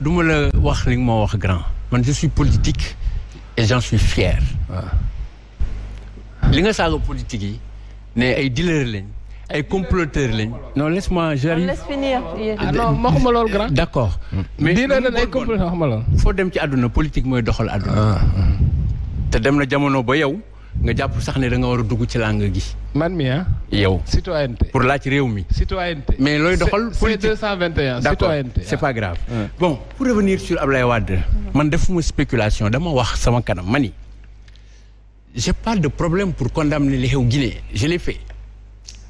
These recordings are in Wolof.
duma la wax li moo wax grand man je suis politique et j'en suis fier li nga saaga politique yi ne ay dealer lañ ay comploteur lañ non laisse-moi j'arrive laisse finir ma ah, ah, waxuma loolu grand d'accord hmm. mais dealer lañ ay comploteur waxuma loolu foo dem ci àdduna politique mooy doxal àdduna ah, hmm. te dem na jamono ba yow nga jàpp sax ne da nga war a dugg ci langue gi. man mi ah. yow citoyenneté pour ci réew mi. citoyenneté mais looy doxal. politique c'est 221 citoyenneté c'est ah. pas grave. bon pour revenir sur Ablaye Wade. man defuma spéculation dama wax sama kanam mani je pas de problème pour condamner li xew Guinée je l'ai fait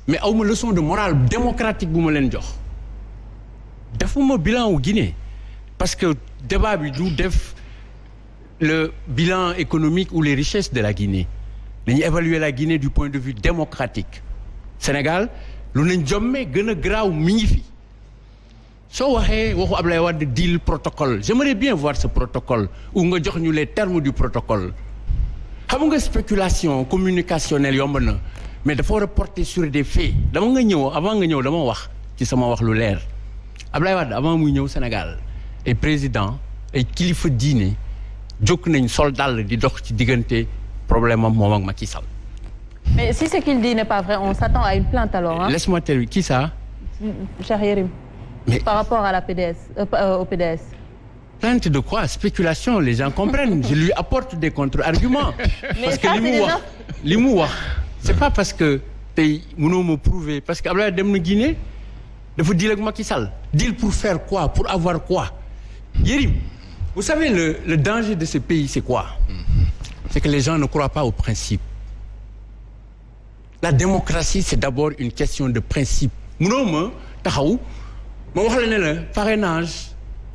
mais awma leçon de morale démocratique bu ma leen jox defuma bilan wu Guinée parce que débat bi du def le bilan économique ou les richesses de la Guinée. dañuy évaluer la Guinée du point de vue démocratique Sénégal lu nañ jommee gën a graaw mi ngi fi soo waxee waxu Ablaye Wade deal protocole j'aimerais bien voir ce protocole ou nga jox ñu les terme du protocole xam nga spéculation communicationnelle yomb na mais dafa war a porter sur des faits dama nga ñëw avant nga ñëw dama wax ci sama wax lu leer Ablaye Wade avant muy ñëw Sénégal ay président ay kilifa diine jóg nañ sol dàll di dox ci diggante problème am moom ak Macky Sall. mais si ce qu'il dit n'est pas vrai on s'attend à une plainte alors hein. laisse-moi terminer qui ça. Cheikh Yérim. par rapport à la PDS euh, euh, plainte de quoi spéculation les gens comprennent je lui apporte des contre-arguments. parce que li mu wax li c'est pas parce que tey mënoo ma prouver parce que Abdoulaye dem na Guinée dafa deal ak Macky Sall. deal pour faire quoi pour avoir quoi Yérim vous savez le le danger de ce pays c'est quoi. Hmm. c'est que les gens ne croient pas aux principes la démocratie c'est d'abord une question de principe mënoo ma taxaw ma wax la ne la parrainage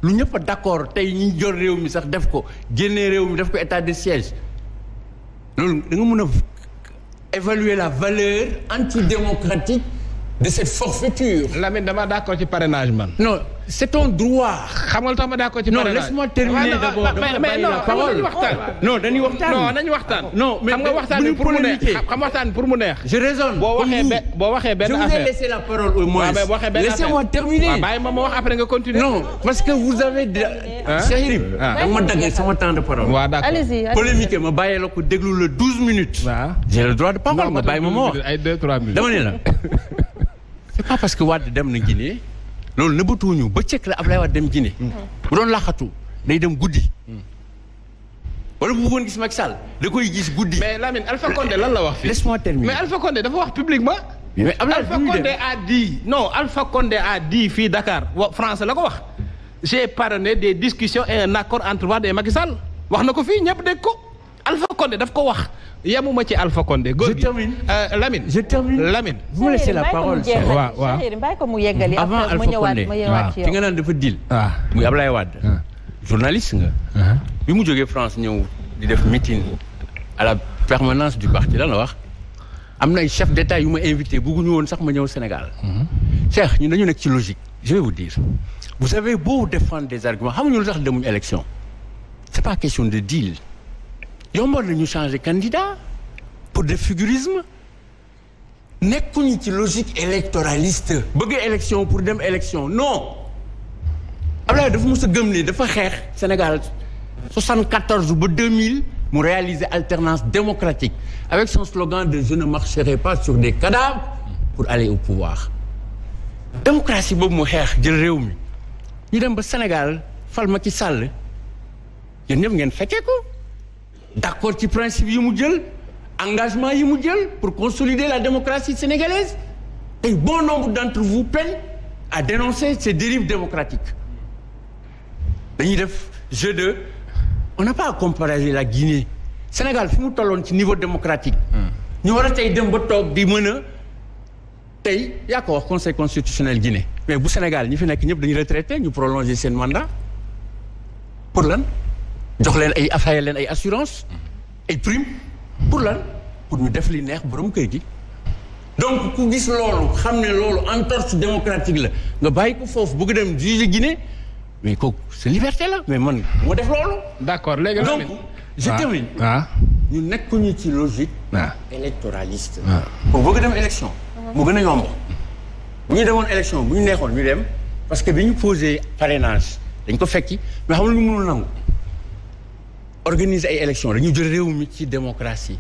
lu ñëpp a d'accord tey ñi jor réew mi sax def ko génnee réew mi def ko état de siège loolu da nga mën a évaluer la valeur antidémocratique de cette forfaiture. Lamine dama d'accord ci parrainage non c'est ton droit. xam nga lu ma d'accord ci parrainage non laisse-moi terminer d'abord mais non dañuy waxtaan. non dañuy waxtaan non nañu waxtaan. non mais xam nga waxtaan bi pour mu neex xam nga pour mu neex. je raisonne boo waxee boo waxee benn affaire je vous ai laissé la parole au moins. Ah. daggee sama temps de parole. ma bàyyi la ko déglu la douze minutes. waaw j'ai le droit de parole ma bàyyi ma ma wax. deux trois minutes dama c'est parce que Wade dem na Guinée loolu nëbbatuwuñu bëccëg la Ablaye Wade dem Guinée. Hmm. bu doon laaxatu day dem guddi. Hmm. wala bu bëggoon gis Macky Sall da koy gis guddi. mais Lamine Alpha Condé lan la wax fii. mais Alpha Condé dafa wax publiquement mais Alpha Condé a dit non Alpha a dit fii Dakar wa France la ko wax. j'ai parrainé de discussions et un accord entre Wade et Macky wax na ko fii ñëpp dégg ko Alpha daf ko wax. yamuma ci Alpha Condé. góor gi je termine euh, Lamine. je termine Lamine. vous me laissez la parole. waaw waaw avant Alpha Condé waaw nga naan dafa deal. waaw ah. muy Ablaye Wade. Ah. journaliste nga. Ah. bi mu jógee France ñëw di def meeting à la permanence du parti lan la wax am na ay chef d'état yu ma invité bëgguñu woon sax ma ñëw Sénégal. Mhm. Cheikh ñun dañu nekk ci logique. je vais vous dire vous avez beau défendre des arguments xamuñu lu tax demuñu élection c'est pas question de deal. yomboon na ñu changer candidat pour def fugurisme nekkuñu ci logique électoraliste bëgg élection pour dem élection non Abdoulaye dafa mos a gëm ni dafa xeex Sénégal 74 ba 2000 mu réaliser alternance démocratique avec son slogan de je ne marcherai pas sur des cadavres pour aller au pouvoir démocratie boobu mu xeex jël réew mi ñu dem ba Sénégal fal Macky Sall yéen ñëpp ngeen fekkee ko d'accord ci principe yi mu jël engagement yi mu jël pour consolider la démocratie sénégalaise et bon nombre d'entre vous peinent à dénoncer ces dérives démocratiques dañuy def jeu de on n'a pas à comparer la Guinée Sénégal fi mu tolloon ci niveau démocratique hmm. ñu wara tey dem ba toog di mën a tey yaa ko wax conseil constitutionnel Guinée mais bu Sénégal ñi fi nekk ñëpp dañu traité ñu prolonger seen mandat pour lan jox leen ay affaire leen ay assurance ay prime pour la pour ñu def li neex borom kër gi donc ku gis loolu xam ne loolu entorse démocratique la nga bàyyi ko foofu bëgg dem juge Guinée mais kooku sa liberté la mais man moo def loolu d'accord léegi donc je ah, termine waaw ah. ñu nekkuñu ci logique ah. électoraliste pour bëgg dem élection mu gën a yomb bu ñu demoon élection bu ñu neexoon ñu dem parce que bi ñu posé parrainage dañ ko fekki mais xam lu ñu mënul nangu organiser ay élections dañu jël réew mi ci démocratie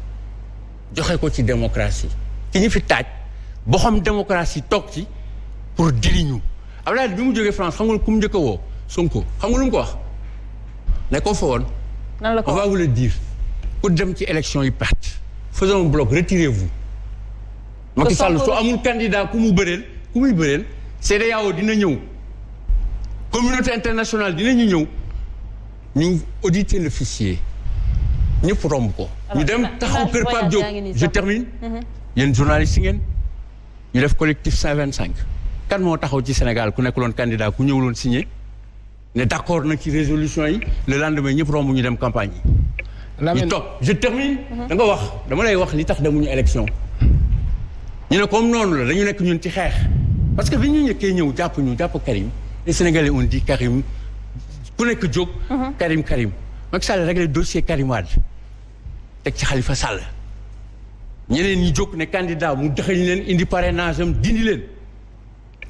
joxe ko ci démocratie ki ñu fi taaj boo xam démocratie toog ci pour diriñu Abdoulaye bi mu jóge France xam nga ku mu njëkk a woo Sonko xam nga lu mu ko wax nekkoo fa woon. nan la ko on va vous le ku dem ci élection yi perte. faisons bloc retirez-vous. Macky Sall soo amul candidat ku mu bëreel ku muy bëreel CEDEAO dina ñëw communauté internationale dina ñu ñëw. ñu auditer le fichier ñëpp romb ko. ñu dem taxaw kër Pape Diop je termine. Mhm. yéen journaliste yi ngeen. ñu def collectif cinq kan moo taxaw ci Sénégal ku nekk nekkuloon candidat ku ñëw ñëwuloon signé ne d' accord nag ci résolution yi le lendemain ñëpp romb ñu dem campagne yi. ñu toog je termine. Mhm. da nga wax dama lay wax li tax ñu élection. ñu ne comme noonu la dañu nekk ñun ci xeex parce que bi ñu njëkkee ñëw jàpp ñu jàpp Karim les Sénégalais ont di Karim. ku nekk jóg. Uh-huh. Karim Karim Macky Sall réglé dossier Karim Wade ci Khalifa Sall ñeneen ñi jóg ne candidat mu dëxëñ leen indi parrainage am dindi leen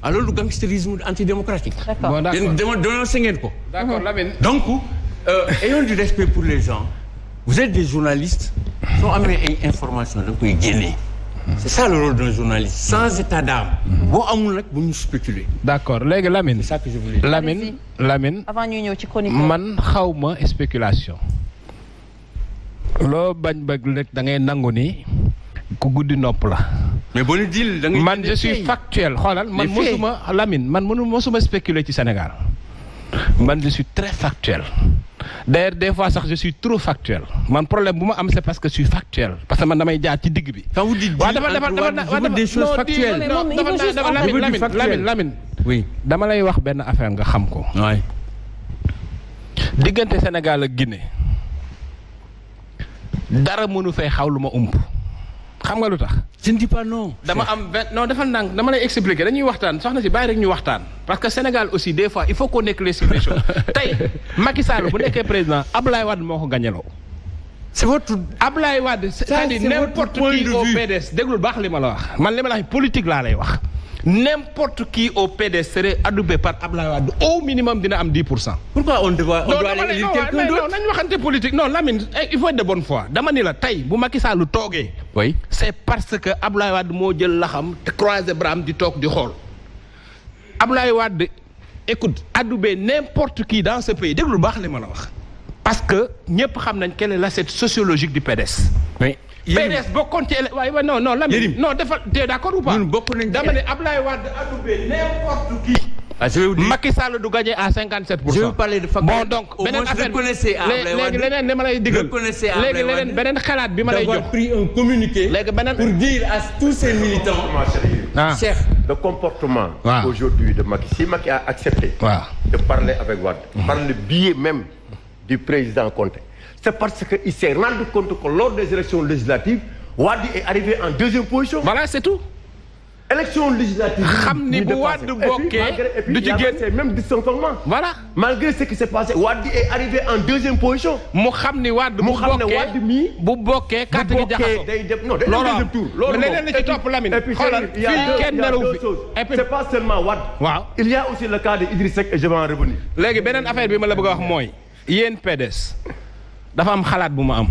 alors ah, loolu gangstérisme antidémocratique. bon d'accord yéen dénoncé ngeen ko. d'accord uh-huh. Lamine. donc euh, ayons du respect pour les gens vous êtes des journalistes soo amee ay informations da i génnee. c' est ça le rôle d'un journaliste sans état d'âme boo amul nag bu ñu spéculer. d' accord léegi Lamine. ça que je voulais Lamine Lamine. avant ñuy ñëw ci chronique man xaw ma spéculation. loo bañ bëgg rek da ngay nangu ni. ku guddi nopp la. mais bon deal da ngay man je suis factuel xoolal man mënuma Lamine man mënu mësuma spéculer ci Sénégal. man je suis très factuel d'ailleurs des fois sax je suis trop factuel man problème bu ma am c'est parce que je suis factuel parce que man damay jaar ci digg bi. quand vous dites dire entre des choses factuelles Lamine Lamine oui dama lay wax benn affaire nga xam ko. waay diggante Sénégal ak Guinée dara mënu fay xaw lu ma ump. xam nga lu tax. je ne dis pas dama am vingt non dafa ndànk dama lay expliquer dañuy waxtaan soxna si baay rek ñu waxtaan. parce que Sénégal aussi des fois il faut qu'on éclaircisse les choses tey Macky Sall bu nekkee président Ablaye Wade moo ko gañeloo. c'est votre Ablaye Wade. c'est-à-dire n'importe qui au PDS baax li ma la wax man li ma la wax laa lay wax. n'importe qui au PDS serait adoubé par Ablaye Wade au minimum dina am 10 pour cent. pourquoi on doit on doit aller élire quelqu'un d'autre non waxante politique non Lamine eh, il faut de bonne foi dama ni la tey bu Macky Sall toogee. oui c'est parce que Ablaye Wade moo jël laxam te croiser bras am di toog di xool Ablaye Wade écoute adoubé n'importe qui dans ce pays déglu baax li ma la wax. parce que ñëpp xam nañ quelle la l'assiette sociologique di PDS. PDS bokkoon ci ele waaye waaye non non Lamine non defal te d'accord ou pas ñun bokk nañ dama ne Ablaye Wade adoubé n'importe qui ah je vous dis Macky Sall du gagné à 57 pour cent. je vous parlais de fac. bon donc beneen affaire léegi leneen li ma lay digal. léegi leneen beneen xalaat bi ma lay jox. d'avoir pris un communiqué. léegi beneen pour dire à tous ces militants. Ah. Ah. si Macky a accepté. waaw ah. de parler avec Wade. par le biais même du président Conté. c'est parce que il s'est rendu compte que lors des élections législatives Wade est arrivé en deuxième position. voilà c'est tout. élection législative. xam ni bu Wade bokkee du ci génn et même dysfonctionnement. voilà malgré ce qui s'est passé Wade est arrivé en deuxième position. mu xam ni Wade bu bokkee bu bokkee carte gi jaxasoo day dem non day dem deuxième tour. loolu leneen la ci topp Lamine. xoolal fii kenn nelawul fi et puis c'est pas seulement Wade. waaw il y a aussi le cas de Idriss Seck et je vais en revenir. léegi beneen affaire bi ma la bëgg a wax mooy yéen PDS. dafa am xalaat bu ma am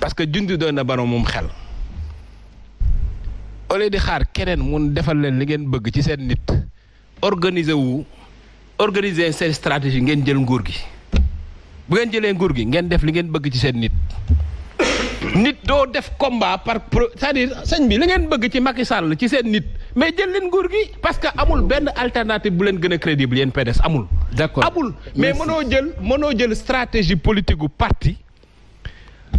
parce que junj doon na baro moom xel au di xaar keneen mun defal leen li ngeen bëgg ci seen nit organiser wu organiser seen stratégie ngeen jël nguur gi bu ngeen jëlee nguur gi ngeen def li ngeen bëgg ci seen nit nit doo def combat par pro cest à sëñ bi li ngeen bëgg ci Macky Sall ci seen nit mais jël leen nguur gi parce que amul benn alternative bu leen gën a crédible yéen PDS amul. d'accord amul mais mënoo jël mënoo jël stratégie politique gu parti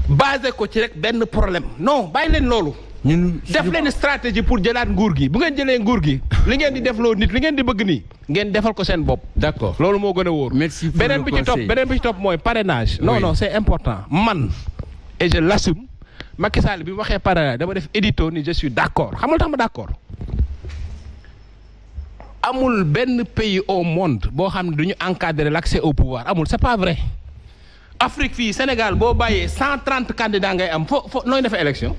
basé ko ci rek benn problème non bàyyi leen loolu. ñun def leen stratégie pour jëlaat nguur gi bu ngeen jëlee nguur gi li ngeen di def loo nit li ngeen di bëgg nii ngeen defal ko seen bopp. d'accord loolu moo gën a wóor. merci beneen bi ci topp beneen bi ci mooy parrainage. non non c'est important man et je l'assume Macky bi mu waxee parrainage dama def édito ni xam nga tax ma d'accord. amul benn pays au monde boo xam ne du ñu encadrer l' accès au pouvoir amul c' est pas vrai Afrique fii Sénégal boo bàyyee cent trente candidats ngay am fo fo nooy defee élection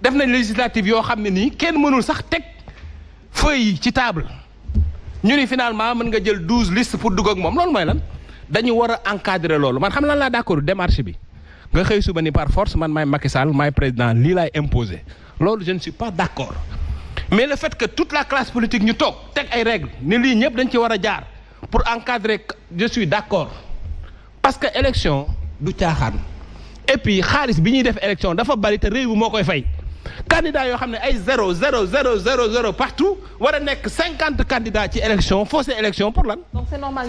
def nañ législative yoo xam ne nii kenn mënul sax teg feuille ci table ñu ni finalement mën nga jël douze listes pour dugg moom loolu mooy lan dañu war a encadrer loolu man xam lan laa d' accord démarche bi nga xëy suba ni par force man maay Macky Sall maay président lii laay imposé loolu je ne suis pas d' accord. mais le fait que toute la classe politique ñu toog teg ay règles ne lii ñëpp dañ ci war a jaar pour encadrer je suis d'accord parce que élection du caaxaan et puis xaalis bi ñuy def élection dafa bari te réew moo koy fay candidat yoo xam ne ay zéro zéro zéro zéro zéro partout war a nekk cinquante candidats ci élection fausse élection pour lan. donc c'est normal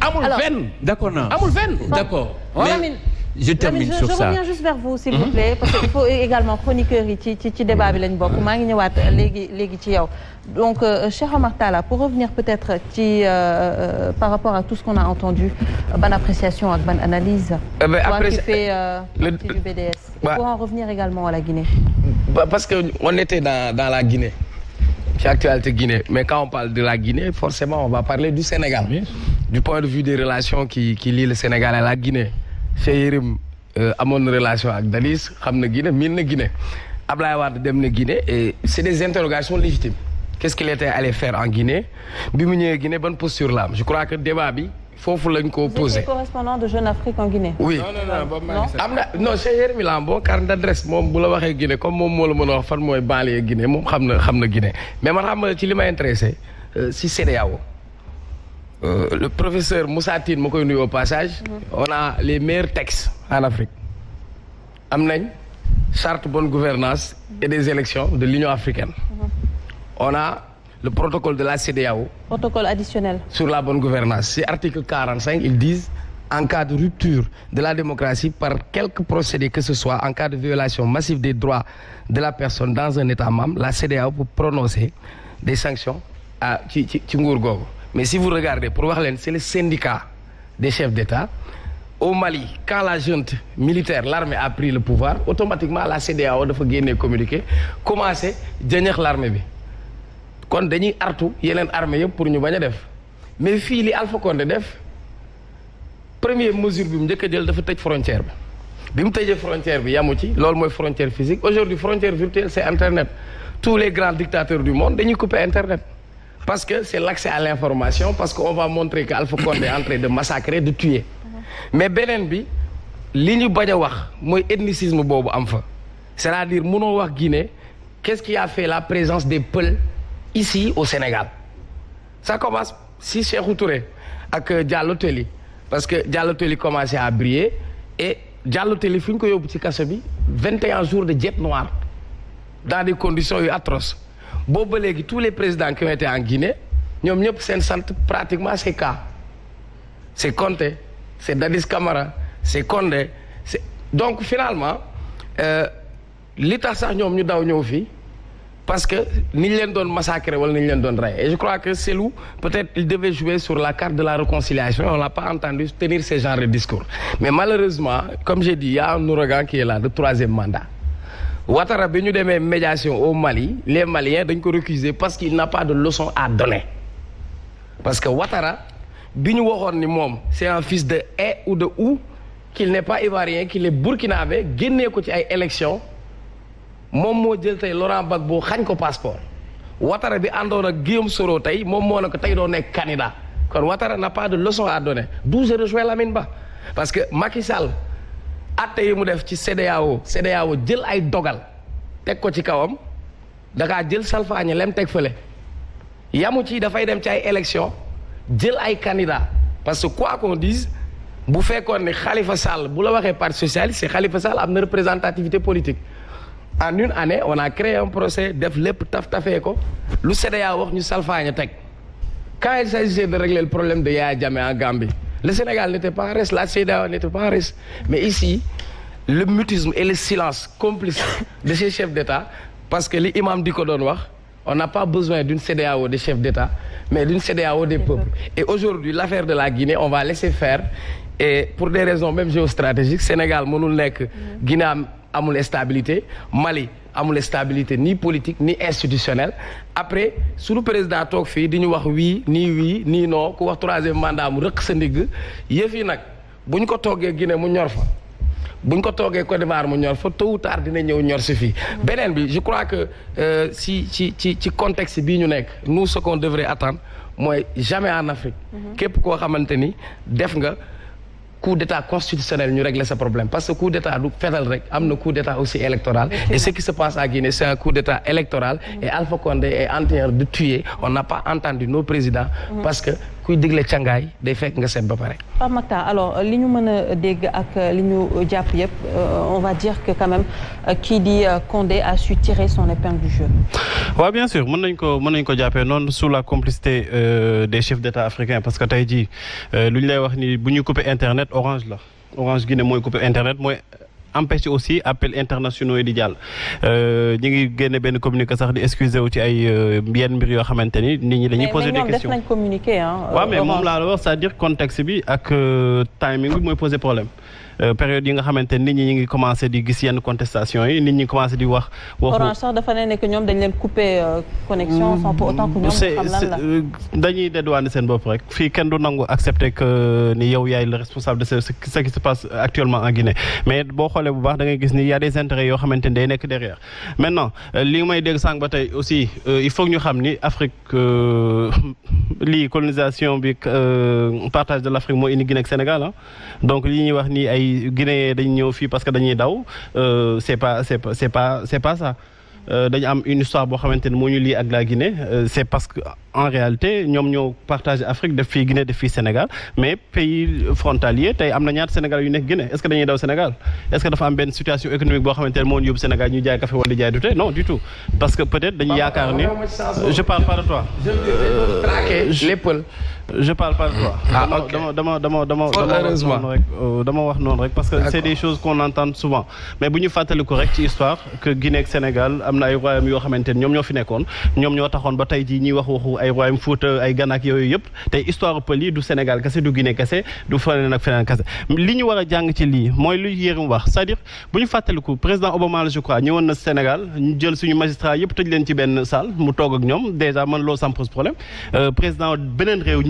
amul benn. d'accord naa amul benn. d'accord mais je termine sur ça je vous s'il mhm. parce que faut également chroniqueurs yi ci ci ci débat bi lañ bokk mhm. maa ngi ñëwaat léegi léegi ci yow donc euh, Cheikh Omar Talla pour revenir peut-être ci euh, euh, par rapport à tout ce qu'on a entendu ban appréciation ak ban analyse eh parce que on était dans la Guinée ci actualité Guinée mais quand on parle de la Guinée forcément on va parler du Sénégal du point de vue des relations qui lient le Sénégal à la Guinée Cheikh Yérim euh, amoon na relation ak Dalis xam na Guinée miin na Guinée Ablaye Wade dem na Guinée et c'est des interrogations légitimes qu'est-ce qu'il était allé faire en Guinée bi mu ñëwee Guinée ban posture la je crois que débat bi foofu lañ ko posé. correspondant am na non Cheikh Yérim la am bon carte moom bu la waxee Guinée comme moom moo la mën a wax fan mooy banlieue Guinée moom xam na xam na Guinée mais man xam na ci li ma intéressé euh, si CEDEAO Euh, le professeur Moussa Tine ma koy nuyu passage. Mhm. on les meilleurs textes en Afrique. am nañ charte bonne gouvernance et des élections de l'Union africaine. Mhm. on a le protocole de la CEDEAO. protocole additionnel. sur la bonne gouvernance c'est article quarante cinq ils disent en de rupture de la par quelque procédé que ce soit en cas de violation massive des droits de la personne dans un État membre la CEDEAO peut prononcer des sanctions à ci ci ci nguur googu. mais si vous regardez pour wax leen c'est le syndicat des chefs d'État au Mali quand la junte militaire l'armée a pris le pouvoir automatiquement la CEDEAO dafa génnee communiqué commencé jëñax l'armée bi kon dañuy artu yeneen armée yëpp pour ñu bañ a def mais fii li Alpha Condé def première mesure bi mu njëkk jël dafa tëj frontière bi bi mu tëjee frontière bi yamu ci loolu mooy frontière physique aujourd'hui frontière virtuelle c'est internet tous les grands dictateurs du monde dañuy couper internet parce que c'est l'accès à l'information parce que on va montrer que Alpha Condé est en train de massacrer de tuer mais beneen bi li ñu bañ a wax mooy ethnicisme boobu am fa c'est-à-dire mënoo wax Guinée qu'est-ce qui a fait la présence des Peuls ici au Sénégal sa commence si Cheikhou Touré ak euh, Diallo yi parce que Diallo yi commençait à briller et Diallo Telli fi ñu ko yóbbu ci kaso bi 21 jours de jet noir dans des conditions yu atroces boobu ba léegi tous les présidents qui ont en Guinée ñoom ñëpp seen sant pratiquement c' est Ka c' est Conté est Dadis Camara c' est Condé c' est donc finalement euh, li tax sax ñoom ñu daw ñëw fii parce que ni ñu leen doon massacrer wala ni ñu leen doon et je crois que Cellou peut-être il devait jouer sur la carte de la réconciliation on l'a pas entendu tenir ce genre de discours mais malheureusement comme j'ai dit il y a qui est là de troisième mandat Ouattara bi ñu demee médiation au Mali les malien dañ ko récuser parce que n'a pas de leçon à donner parce que Ouattara bi ñu waxoon ni moom c'est un fils de et ou de ou qu'il n'est pas ivoirien qu'il est burkinabé génnee ko ci ay élections moom moo jël tey Laurent boo xañ ko passeport Ouattara bi àndoon ak Guillaume Soro tey moom moo ne ko tey doo nekk candidat kon Ouattara n'a pas de leçon à donner d'où je rejoins Ba parce que Macky Sall atte yi mu def ci CEDEAO CEDEAO jël ay dogal teg ko ci kawam dakaa jël salfaañe lem teg fële yamu ci dafay dem ci ay élection jël ay candidat parce que quoi qu'on dise bu fekkoon ni xalifa Sall bu la waxee parti socialiste c'est Khalifa Sall am na représentativité politique en une année on a créé un procès def lépp taf tafee ko lu CEDEAO wax ñu salfaañe teg quand il s'agissait de régler problème de Yaya Jammeh en Gambie Le Sénégal n'était pas en reste, la CEDEAO n'était pas reste. Mais ici, le mutisme et le silence complice de ces chefs d'État, parce que l'imam dit on n'a pas besoin d'une CDAO des chefs d'État, mais d'une CDAO des peuples. Et aujourd'hui, l'affaire de la Guinée, on va laisser faire. Et pour des raisons même géostratégiques, Sénégal, Monoulnek, Guinée, Amoul stabilité, Mali, amule stabilité ni politique ni institutionnelle après suñu président toog fii di ñu wax wii nii wii nii non ku wax troisième mandat mu rëq sa ndigg yëf yi nag bu ñu ko toogee Guinée mu ñor fa bu ñu ko toogee Côte d'Ivoire mu ñor fa tôt tard dina ñëw ñor si fii beneen bi je crois que euh, si ci ci ci contexte bii ñu nekk nous ce qu'on devrait mooy jamais en Afrique mhm. képp koo xamante ni def nga coup d'état constitutionnel ñu régler ce problème parce que coup d'état du fetal rek am na coup d'état aussi électoral et ce qui se passe à Guinée c'est un coup d'état électoral et Alpha Condé est en de tuer on n'a pas entendu nos présidents mm-hmm. parce que kuy digle cangaay day fekk nga seet ba pare. Euh, li ñu mën a euh, dégg ak euh, li ñu jàpp yëpp on va dire que quand même kii Condé a su tirer son épingle du jeu. waaw bien sûr mën nañ ko mën nañ ko jàppee noonu sous la complicité des chefs d'État africains parce que tey ji lu ñu lay wax ni bu ñu couper internet Orange la Orange Guinée mooy couper internet empêché aussi appel internationaux yi di jàll euh, ñu ngi génne benn communiqué sax di excusé wu ci ay euh, yenn mbir yoo xamante ni nit ñi dañuy poser des questions waaw mais euh, moom laa la wax c'est-à-dire contexte bi ak timing bi mooy poser problème Euh, période yi nga xamante nit ñi ñu ngi commencé di gis yenn contestation yi nit ñi commencé di wax. waxu orange sax dafa ne ne que ñoom dañ leen coupé euh, connexion. sans pour autant que ñoom xam lan la euh, dañuy dédouaner seen bopp rek fii kenn du nangu accepter que ni yow yaay le responsable de ce ce qui se passe actuellement en Guinée mais boo xoolee bu baax da ngay gis ni y a des intérêts yoo xamante ni day nekk derrière maintenant li may dégg sànq ba tey aussi il faut ñu xam ni Afrique lii colonisation bi partage de l'Afrique moo indi Guinée ak Sénégal li ay Guinéen dañ ñëw fii parce que dañuy daw euh, c'est pas c'est pas c'est pas c'est pas ça euh, dañu am une histoire boo xamante ne moo ñu lii ak la Guinée euh, c'est parce que en réalité ñoom ñoo partagé Afrique def fii Guinée def fii Sénégal mais pays frontalier tey am na ñaata Sénégal yu nekk Guinée est-ce que dañuy daw Sénégal est-ce que dafa am benn situation économique boo xamante ne moo ñu yóbbu Sénégal ñu jaay café wala di jaay du non du tout parce que peut-être dañu je parle pas de toi. ah ok dama dama dama dama dama wax euh, rek parce que c'est des choses qu'on entend souvent mais bu ñu fàttaliku rek ci histoire que Guinée Sénégal am na ay royaume yoo xamante ni ñoom ñoo fi nekkoon ñoom ñoo taxoon ba tey jii ñuy wax waxu ay royaume Fouta ay Gana yooyu yëpp tey histoire pël yi du Sénégal kese du Guinée kese du feneen ak feneen kese li ñu war a jàng ci lii mooy lu mu wax c'est-à-dire bu ñu fàttaliku président Obama la je crois ñëwoon na Sénégal ñu jël suñu magistrat yëpp tëj leen ci benn salle mu toog ak ñoom déjà man loolu ça me pose problème euh,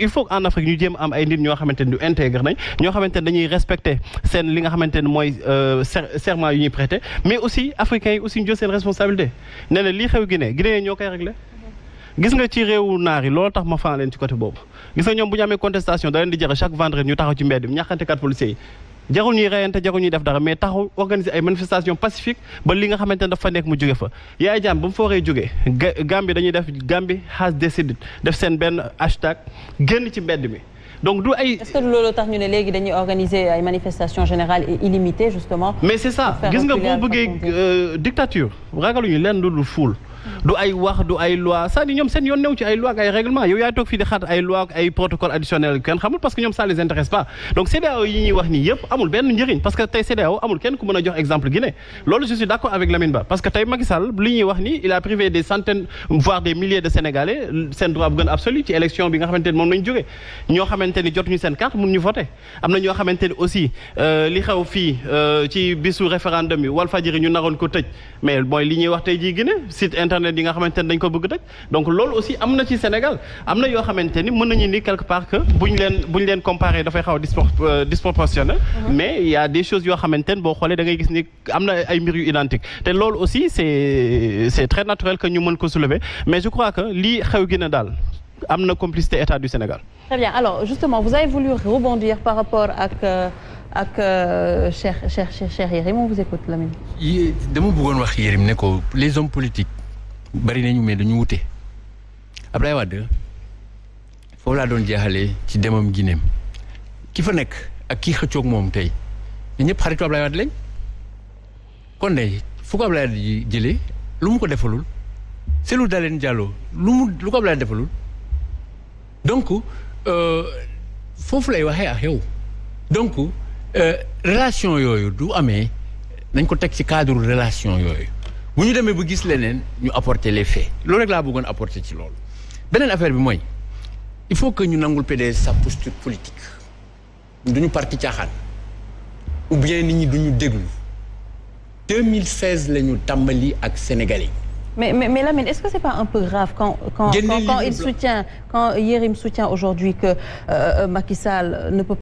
il faut en Afrique ñu jéem am ay nit ñoo xamante ni ñu nañ ñoo xamante ne dañuy respecter seen li nga xamante ne mooy euh, serment yu ñuy prêter mais aussi africains yi aussi ñu jël seen responsabilité ne la lii xew Guinée Guinée ñoo koy régler gis nga ci réewu naar yi tax ma fan leen ci côté boobu gis nga ñoom bu ñu amee contestation da leen di jaral chaque vendredi ñu taxaw ci mbedd mi ñaxante kat policiers jarul ñuy reyante jarul ñuy def dara mais taxaw organiser ay manifestation pacifique ba li nga xamante ne dafa nekk mu jóge fa yaay jaam ba mu fa waree jógee Gambie dañuy def Gambie has decided def seen benn hashtag génn ci mbedd mi donc du ay. tax ñu ne léegi dañuy organiser ay manifestations générales et illimitées justement. mais c'est ça gis nga boo bëggee euh, dictature ñu lenn lu fuul. du ay wax du ay loi cest à ñoom seen yoon new ci ay loi ay règlement yow yaay toog fii di xaat ay loi ay protocole additionnel kenn xamul parce que ñoom ça les intéresse pas donc CEDEAO yi ñuy wax nii yëpp amul benn njëriñ parce que tey CEDEAO amul kenn ku mën jox exemple Guinée loolu je d'accord absolu ci élection bi nga xamante ni moom lañ jógee ñoo xamante ni jotuñu seen carte mun ñu voter am na ñoo xamante ni aussi euh, li xew fii euh, ci bisu référendum internet yi nga xamante ne dañ ko bëgg tëj donc loolu aussi am na ci Sénégal am na yoo xamante ni mën nañu ni quelque part que bu leen bu ñu leen comparé dafay xaw a euh, uh-huh. mais y des choses yoo xamante ne boo xoolee da ngay gis ni am na ay mbir yu identique te loolu aussi c'est c'est très naturel que ñu mën ko soulever mais je crois que lii xew gi na daal am na complicité état du Sénégal. très bien alors justement vous avez voulu rebondir par rapport ak euh, ak euh, Cheikh Cheikh Cheikh Yérim on vous écoute bëggoon wax Yérim ne ko les hommes politiques. bari nañu mais dañu wute Abdoulaye Wade foofu laa doon jeexalee ci demam Guinéem ki fa nekk ak kii xëccoog moom tey ñu ñëpp xaritu lay Wade lañ kon de fu ko Abdoulaye Wade jëlee lu mu ko defalul Cellou Dalein Diallo lu mu lu ko Abdoulaye defalul donc euh, foofu lay waxee ak yow donc euh, relation yooyu du amee nañ ko teg ci cadre relation yooyu bu ñu demee bu gis leneen ñu apporter les faits loolu rek laa bëggoon apporter ci lool beneen affaire bi mooy il faut que ñu nangul PDS sa posture politique du ñu parti caaxaan ou bien nit ñi ñu déglu 2016 la ñu tàmbali ak sénégalais. mais mais mais Lamine est-ce que c'est pas un peu grave. quand il soutient quand Yérim soutient aujourd'hui que euh, euh